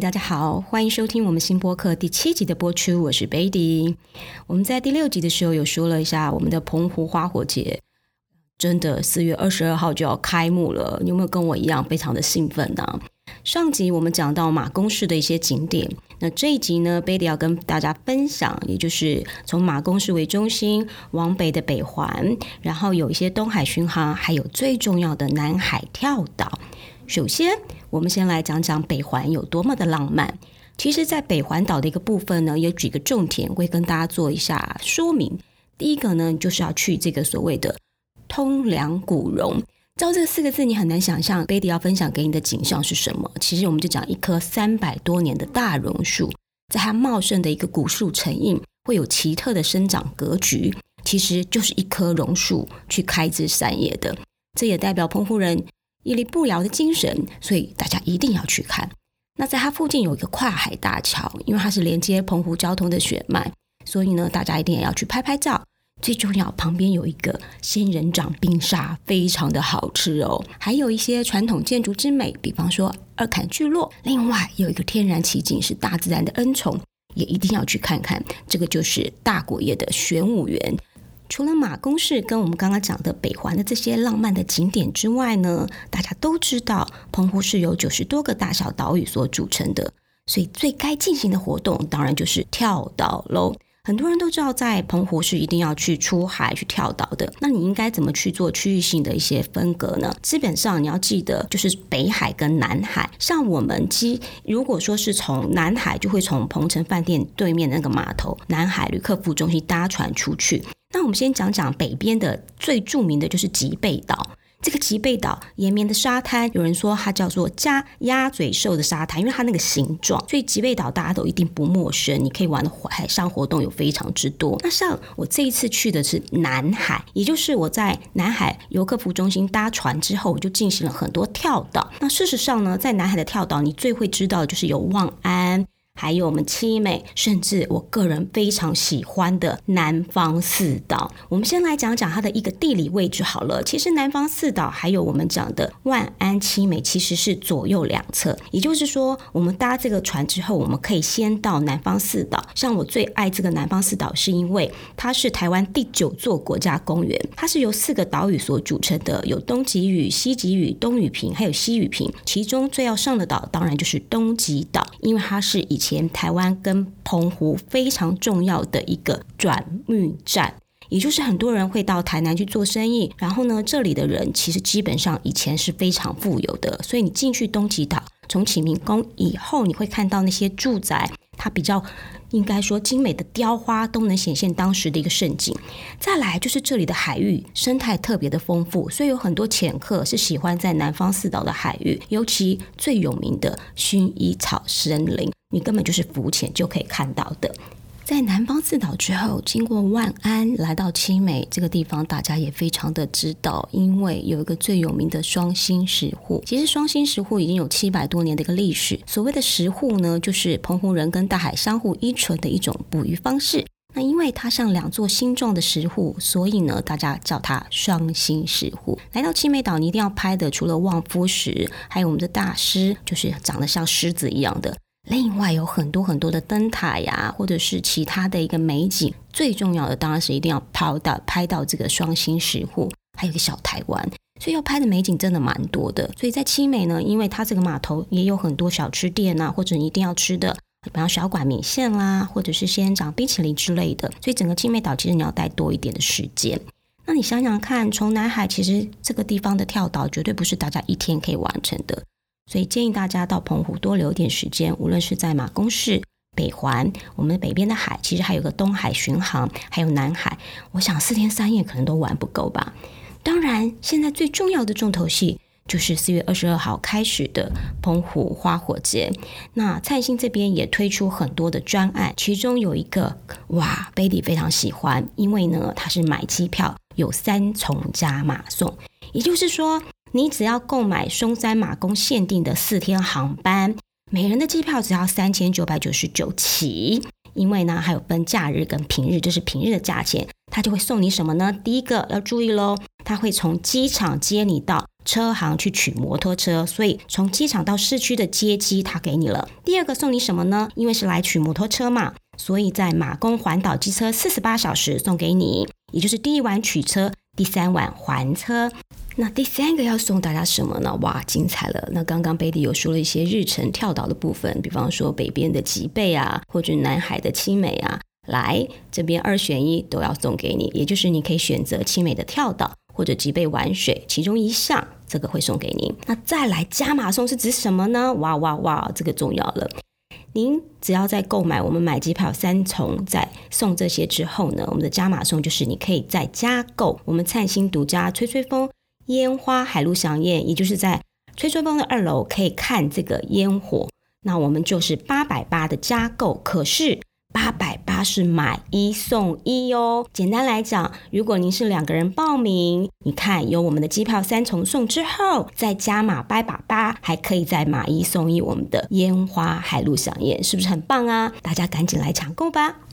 大家好，歡迎收聽我們新播客第七集的播出。我是 baby，我們在第六集的時候有說了一下我們的澎湖花火節，真的四月二十二號就要開幕了。你有沒有跟我一樣非常的興奮呢、啊？上集我們講到馬公市的一些景點，那這一集呢，baby 要跟大家分享，也就是從馬公市為中心往北的北環，然後有一些東海巡航，還有最重要的南海跳島。首先，我們先來講講北環有多麼的浪漫。其實，在北環島的一個部分呢，有幾個重點我會跟大家做一下說明。第一個呢，就是要去這個所謂的通梁古榕。照這四個字，你很難想象 Baby 要分享給你的景象是什麼？其實，我們就講一棵三百多年的大榕樹，在它茂盛的一個古樹成蔭，會有奇特的生長格局。其實就是一棵榕樹去開枝散葉的，這也代表澎湖人屹立不搖的精神，所以大家一定要去看。那在它附近有一個跨海大橋，因為它是連接澎湖交通的血脈，所以呢，大家一定也要去拍拍照。最重要，旁邊有一個仙人掌冰沙，非常的好吃哦。還有一些傳統建築之美，比方說二崁聚落。另外有一個天然奇景，是大自然的恩寵，也一定要去看看。這個就是大菓葉的玄武園。除了馬公市跟我們剛剛講的北環的這些浪漫的景點之外呢，大家都知道，澎湖是由九十多個大小島嶼所組成的，所以最該進行的活動當然就是跳島嘍。很多人都知道，在澎湖是一定要去出海去跳島的。那你應該怎麼去做區域性的一些分隔呢？基本上你要記得，就是北海跟南海。像我們，基如果說是從南海，就會從澎城飯店對面的那個碼頭，南海旅客服務中心搭船出去。那我們先講講北邊的，最著名的就是吉貝島。這個吉貝島延綿的沙灘，有人說它叫做“加鴨嘴獸的沙灘”，因為它那個形狀。所以吉貝島大家都一定不陌生，你可以玩的海上活動有非常之多。那像我這一次去的是南海，也就是我在南海遊客服務中心搭船之後，我就進行了很多跳島。那事實上呢，在南海的跳島，你最會知道的就是有望安。還有我們七美，甚至我個人非常喜歡的南方四島。我們先來講講它的一個地理位置好了。其實南方四島還有我們講的望安七美，其實是左右兩側。也就是說，我們搭這個船之後，我們可以先到南方四島。像我最愛這個南方四島，是因為它是台灣第九座國家公園，它是由四個島嶼所組成的，有東吉嶼、西吉嶼、東嶼坪還有西嶼坪。其中最要上的島，當然就是東吉島，因為它是以。前台灣跟澎湖非常重要的一個轉運站，也就是很多人會到台南去做生意。然後呢，這裡的人其實基本上以前是非常富有的，所以你進去東吉島，從啟明宮以後，你會看到那些住宅。它比較應該說精美的雕花都能顯現當時的一個盛景。再來就是這裡的海域生態特別的豐富，所以有很多潛客是喜歡在南方四島的海域，尤其最有名的薰衣草森林，你根本就是浮潛就可以看到的。在南方四島之後，經過望安來到七美這個地方，大家也非常的知道，因為有一個最有名的雙心石滬，其實雙心石滬已經有七百多年的一個歷史。所謂的石滬呢，就是澎湖人跟大海相互依存的一種捕魚方式。那因為它像兩座心狀的石滬，所以呢，大家叫它雙心石滬。來到七美島，你一定要拍的，除了望夫石，還有我們的大獅，就是長得像獅子一樣的。另外有很多很多的燈塔呀，或者是其他的一個美景，最重要的當然是一定要拍到拍到這個雙心石滬，還有一個小台灣，所以要拍的美景真的蠻多的。所以在七美呢，因為它這個碼頭也有很多小吃店吶、啊，或者你一定要吃的，比方小管米線啦，或者是仙人掌冰淇淋之類的，所以整個七美島其實你要待多一點的時間。那你想想看，從南海其實這個地方的跳島絕對不是大家一天可以完成的。所以建議大家到澎湖多留點時間，無論是在馬公市、北環，我們北邊的海，其實還有個東海巡航，還有南海，我想四天三夜可能都玩不夠吧。當然，現在最重要的重頭戲就是四月二十二號開始的澎湖花火節。那燦星這邊也推出很多的專案，其中有一個，哇，Baby 非常喜歡，因為呢，它是買機票有三重加碼送，也就是說。你只要購買松山馬公限定的四天航班，每人的機票只要三千九百九十九起。因為呢，還有分假日跟平日，這是平日的價錢。他就會送你什麼呢？第一個要注意嘍，他會從機場接你到車行去取摩托車，所以從機場到市區的接機他給你了。第二個送你什麼呢？因為是來取摩托車嘛，所以在馬公環島機車四十八小時送給你，也就是第一晚取車。第三晚還車，那第三個要送大家什麼呢？哇，精彩了！那剛剛 baby 有說了一些日程跳島的部分，比方說北邊的吉貝啊，或者南海的七美啊，來這邊二選一都要送給你，也就是你可以選擇七美的跳島或者吉貝玩水其中一項，這個會送給您。那再來加碼送是指什麼呢？哇哇哇，這個重要了。您只要在購買我們買機票三重再送這些之後呢，我們的加碼送就是你可以再加購我們燦星獨家吹吹風煙花海陸饗宴，也就是在吹吹風的二樓可以看這個煙火，那我們就是八百八的加購，可是八百。是買一送一哦。簡單來講，如果您是兩個人報名，你看有我們的機票三重送之後，再加碼八百八，還可以再買一送一我們的煙花海陸享宴，是不是很棒啊？大家趕緊來搶購吧！